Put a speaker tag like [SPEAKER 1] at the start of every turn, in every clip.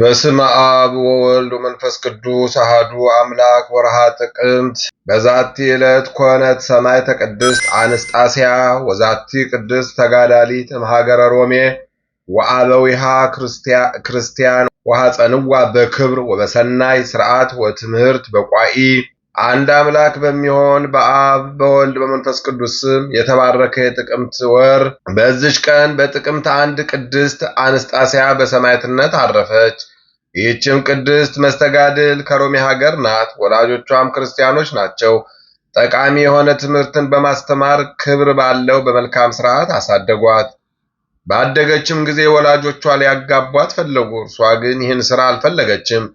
[SPEAKER 1] በስም አብ ወወልድ ወመንፈስ ቅዱስ አሃዱ አምላክ። ወርሃ ጥቅምት በዛቲ ዕለት ኮነት ሰማዕተ ቅድስት አንስጣስያ ወዛቲ ቅድስት ተጋዳሊት እምሃገረ ሮሜ ወአበዊሃ ክርስቲያን ወሐፀንዋ በክብር ወበሰናይ ስርዓት ወትምህርት በቋኢ አንድ አምላክ በሚሆን በአብ በወልድ በመንፈስ ቅዱስ ስም የተባረከ የጥቅምት ወር በዚች ቀን በጥቅምት አንድ ቅድስት አንስጣስያ በሰማዕትነት አረፈች። ይህችም ቅድስት መስተጋድል ከሮሚ ሀገር ናት። ወላጆቿም ክርስቲያኖች ናቸው። ጠቃሚ የሆነ ትምህርትን በማስተማር ክብር ባለው በመልካም ስርዓት አሳደጓት። ባደገችም ጊዜ ወላጆቿ ሊያጋቧት ፈለጉ። እርሷ ግን ይህን ስራ አልፈለገችም።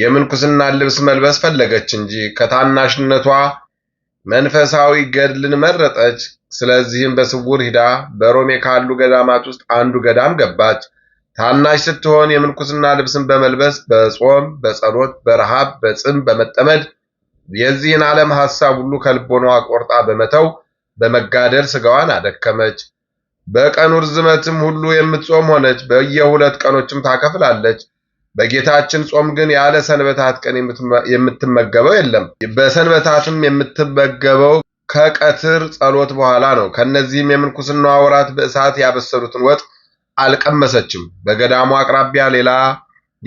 [SPEAKER 1] የምንኩስና ልብስ መልበስ ፈለገች እንጂ ከታናሽነቷ መንፈሳዊ ገድልን መረጠች። ስለዚህም በስውር ሂዳ በሮሜ ካሉ ገዳማት ውስጥ አንዱ ገዳም ገባች። ታናሽ ስትሆን የምንኩስና ልብስን በመልበስ በጾም፣ በጸሎት፣ በረሃብ፣ በጽም፣ በመጠመድ የዚህን ዓለም ሐሳብ ሁሉ ከልቦኗ ቆርጣ በመተው በመጋደል ሥጋዋን አደከመች። በቀኑ ርዝመትም ሁሉ የምትጾም ሆነች። በየሁለት ቀኖችም ታከፍላለች። በጌታችን ጾም ግን ያለ ሰንበታት ቀን የምትመገበው የለም። በሰንበታትም የምትመገበው ከቀትር ጸሎት በኋላ ነው። ከእነዚህም የምንኩስና ወራት በእሳት ያበሰሉትን ወጥ አልቀመሰችም። በገዳሙ አቅራቢያ ሌላ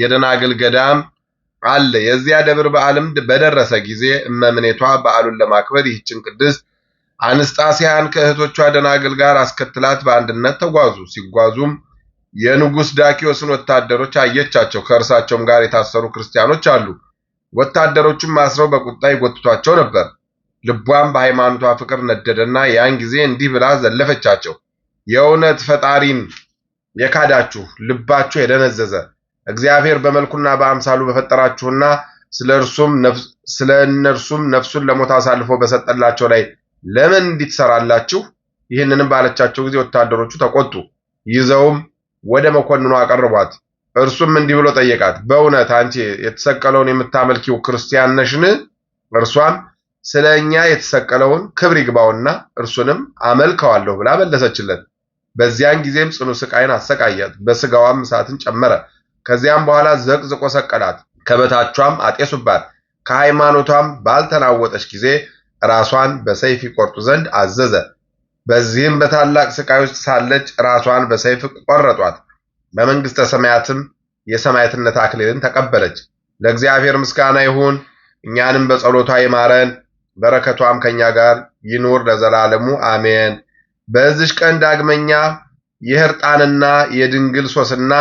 [SPEAKER 1] የደናግል ገዳም አለ። የዚያ ደብር በዓልም በደረሰ ጊዜ እመምኔቷ በዓሉን ለማክበር ይህችን ቅድስት አንስጣስያን ከእህቶቿ ደናግል ጋር አስከትላት በአንድነት ተጓዙ። ሲጓዙም የንጉሥ ዳኪዎስን ወታደሮች አየቻቸው። ከእርሳቸውም ጋር የታሰሩ ክርስቲያኖች አሉ። ወታደሮቹም አስረው በቁጣ ይጎትቷቸው ነበር። ልቧም በሃይማኖቷ ፍቅር ነደደና ያን ጊዜ እንዲህ ብላ ዘለፈቻቸው። የእውነት ፈጣሪን የካዳችሁ ልባችሁ የደነዘዘ እግዚአብሔር በመልኩና በአምሳሉ በፈጠራችሁና ስለ እነርሱም ነፍሱን ለሞት አሳልፎ በሰጠላቸው ላይ ለምን እንዲትሰራላችሁ? ይህንንም ባለቻቸው ጊዜ ወታደሮቹ ተቆጡ። ይዘውም ወደ መኮንኑ አቀርቧት። እርሱም እንዲህ ብሎ ጠየቃት፣ በእውነት አንቺ የተሰቀለውን የምታመልኪው ክርስቲያን ነሽን? እርሷም ስለ እኛ የተሰቀለውን ክብር ይግባውና እርሱንም አመልከዋለሁ ብላ መለሰችለት። በዚያን ጊዜም ጽኑ ስቃይን አሰቃያት፣ በስጋዋም እሳትን ጨመረ። ከዚያም በኋላ ዘቅዝቆ ሰቀላት፣ ከበታቿም አጤሱባት። ከሃይማኖቷም ባልተናወጠች ጊዜ ራሷን በሰይፍ ይቆርጡ ዘንድ አዘዘ። በዚህም በታላቅ ስቃይ ውስጥ ሳለች ራሷን በሰይፍ ቆረጧት። በመንግሥተ ሰማያትም የሰማዕትነት አክሊልን ተቀበለች። ለእግዚአብሔር ምስጋና ይሁን፣ እኛንም በጸሎቷ ይማረን፣ በረከቷም ከእኛ ጋር ይኑር ለዘላለሙ አሜን። በዚች ቀን ዳግመኛ የህርጣንና የድንግል ሶስና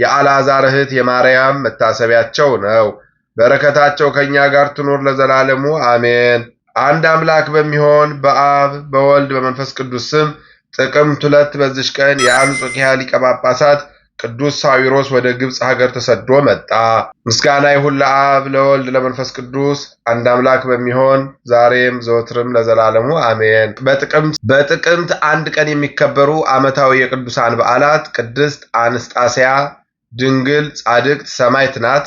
[SPEAKER 1] የአልዓዛር እህት የማርያም መታሰቢያቸው ነው። በረከታቸው ከእኛ ጋር ትኑር ለዘላለሙ አሜን። አንድ አምላክ በሚሆን በአብ በወልድ በመንፈስ ቅዱስ ስም ጥቅምት ሁለት በዚች ቀን የአንጾኪያ ሊቀ ጳጳሳት ቅዱስ ሳዊሮስ ወደ ግብፅ ሀገር ተሰዶ መጣ። ምስጋና ይሁን ለአብ ለወልድ ለመንፈስ ቅዱስ አንድ አምላክ በሚሆን ዛሬም ዘወትርም ለዘላለሙ አሜን። በጥቅምት አንድ ቀን የሚከበሩ ዓመታዊ የቅዱሳን በዓላት ቅድስት አንስጣስያ ድንግል ጻድቅት ሰማዕት ናት።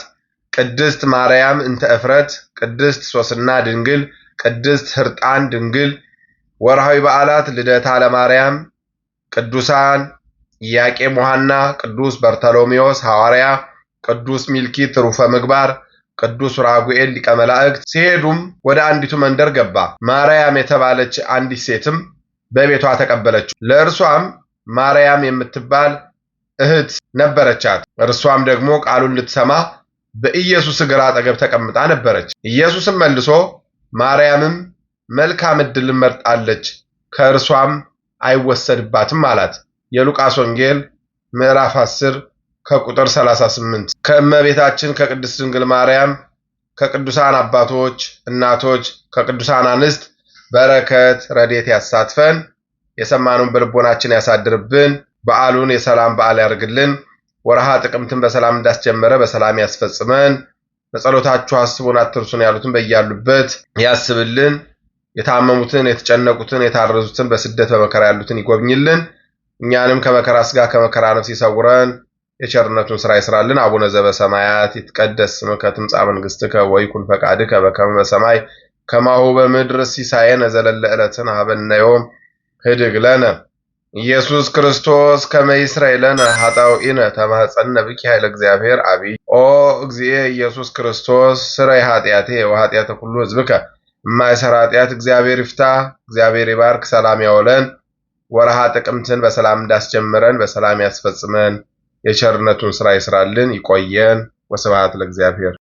[SPEAKER 1] ቅድስት ማርያም እንተ እፍረት፣ ቅድስት ሶስና ድንግል ቅድስት ህርጣን ድንግል። ወርሃዊ በዓላት ልደታ ለማርያም፣ ቅዱሳን ኢያቄም ወሐና፣ ቅዱስ በርተሎሜዎስ ሐዋርያ፣ ቅዱስ ሚልኪ ትሩፈ ምግባር፣ ቅዱስ ራጉኤል ሊቀ መላእክት። ሲሄዱም ወደ አንዲቱ መንደር ገባ። ማርያም የተባለች አንዲት ሴትም በቤቷ ተቀበለችው። ለእርሷም ማርያም የምትባል እህት ነበረቻት። እርሷም ደግሞ ቃሉን ልትሰማ በኢየሱስ እግር አጠገብ ተቀምጣ ነበረች። ኢየሱስም መልሶ ማርያምም መልካም ዕድልን መርጣለች ከእርሷም አይወሰድባትም አላት። የሉቃስ ወንጌል ምዕራፍ 10 ከቁጥር 38። ከእመቤታችን ከቅድስት ድንግል ማርያም ከቅዱሳን አባቶች፣ እናቶች፣ ከቅዱሳን አንስት በረከት ረዴት ያሳትፈን፣ የሰማኑን በልቦናችን ያሳድርብን፣ በዓሉን የሰላም በዓል ያርግልን፣ ወርሃ ጥቅምትን በሰላም እንዳስጀመረ በሰላም ያስፈጽመን። በጸሎታችሁ አስቡን አትርሱን ያሉትን በያሉበት ያስብልን። የታመሙትን፣ የተጨነቁትን፣ የታረዙትን፣ በስደት በመከራ ያሉትን ይጎብኝልን። እኛንም ከመከራ ስጋ ከመከራ ነፍስ ይሰውረን። የቸርነቱን ስራ ይስራልን። አቡነ ዘበሰማያት ይትቀደስ ስምከ ትምጻእ መንግሥትከ ወይኩን ፈቃድከ በከመ በሰማይ ከማሁ በምድር ሲሳየነ ዘለለ ዕለትነ ሀበነ ዮም ህድግ ለነ ኢየሱስ ክርስቶስ ከመ ይስረይለነ ኃጣውኢነ ተማኅፀነ ብኪ ኃይለ እግዚአብሔር አብይ ኦ እግዚእየ ኢየሱስ ክርስቶስ ስረይ ኃጢአቴ ወኃጢአተ ኩሉ ሕዝብከ የማይሰራ ኃጢአት እግዚአብሔር ይፍታ። እግዚአብሔር ይባርክ፣ ሰላም ያውለን። ወርሃ ጥቅምትን በሰላም እንዳስጀምረን በሰላም ያስፈጽመን። የቸርነቱን ስራ ይስራልን፣ ይቆየን። ወስብሐት ለእግዚአብሔር።